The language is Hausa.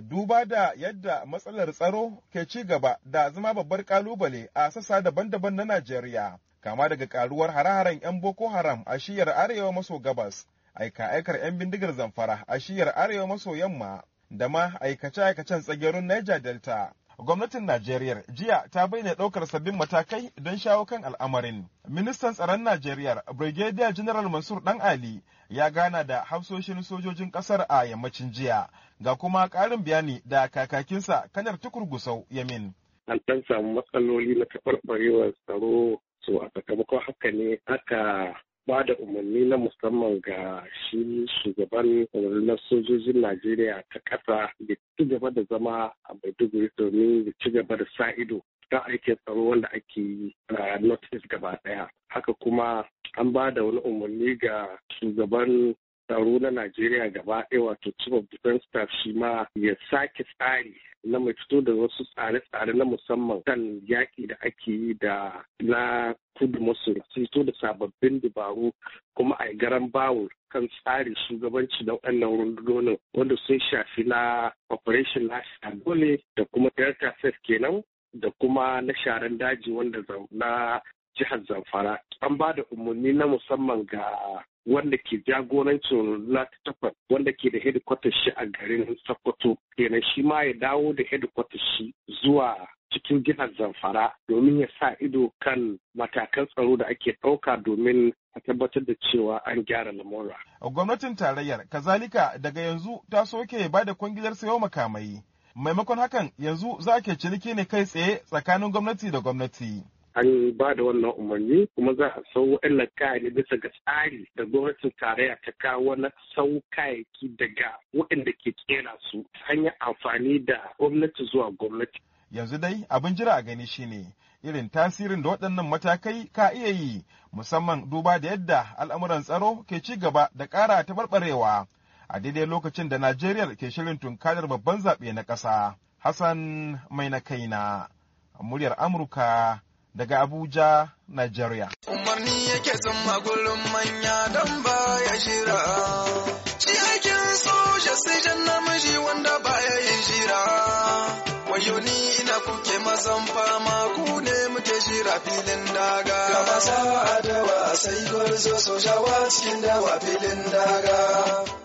duba da yadda matsalar tsaro ke ci gaba da zama babbar kalubale a sassa daban-daban na Najeriya, kama daga karuwar hare-haren 'yan Boko Haram a shiyar arewa maso gabas, aika-aikar 'yan bindigar zamfara a shiyar arewa maso yamma, da ma aikace-aikacen tsagerun Niger Delta. gwamnatin Najeriya jiya ta bayyana ɗaukar sabbin matakai don shawo kan al'amarin. Ministan tsaron Najeriya Brigadier General Mansur Dan Ali ya gana da hafsoshin sojojin ƙasar a yammacin jiya. Ga kuma ƙarin bayani da kakakinsa kanar tukur gusau Yamin. An ɗan samu matsaloli na taɓarɓarewar tsaro so a sakamakon haka ne aka musamman ga shi shugaban rundunar sojojin Najeriya ta ƙasa da ci gaba da zama a Maiduguri domin da ci gaba da sa ido kan aikin tsaro wanda ake yi a North East gaba ɗaya. Haka kuma an ba da wani umarni ga shugaban tsaro na Najeriya gaba ɗaya wato chief of defense staff shi ma ya sake tsari na mai fito da wasu tsare-tsare na musamman kan yaƙi da ake yi da na kudu maso fito da sababbin dabaru kuma a garan bawul kan tsarin shugabanci na wannan rundunonin wanda sun shafi na operation last dole da kuma delta safe kenan da kuma na sharan daji wanda na jihar zamfara an ba da umarni na musamman ga wanda ke jagorancin latitakon wanda ke da hedikwatar shi a garin sokoto yana shi ma ya dawo da hedikwatar shi zuwa cikin jihar zamfara domin ya sa ido kan matakan tsaro da ake ɗauka domin a tabbatar da cewa an gyara lamura. Gwamnatin tarayyar kazalika daga yanzu ta soke ba da kwangilar sayo makamai. Maimakon hakan yanzu za ke ciniki ne kai tsaye tsakanin gwamnati da gwamnati. an ba da wannan umarni kuma za a sau wa'annan kayayyaki bisa ga tsari da gwamnatin tarayya ta kawo na sau kayayyaki daga waɗanda ke kera su ta hanyar amfani da gwamnati zuwa gwamnati. Yanzu dai abin jira a gani shine irin tasirin da waɗannan matakai ka iya yi musamman duba da yadda al'amuran tsaro ke ci gaba da ƙara taɓarɓarewa a daidai lokacin da Najeriya ke shirin tunkarar babban zaɓe na ƙasa. Hassan mai na kaina, muryar Amurka daga Abuja, Najeriya. Umarni yake zama magulun manya don ya shira. Ci aikin soja sai jan namiji wanda baya yin shira. Wayo ni ina kuke mazan fama ku ne muke shira filin daga. Gaba a adawa sai gwarzo sojawa cikin dawa filin daga.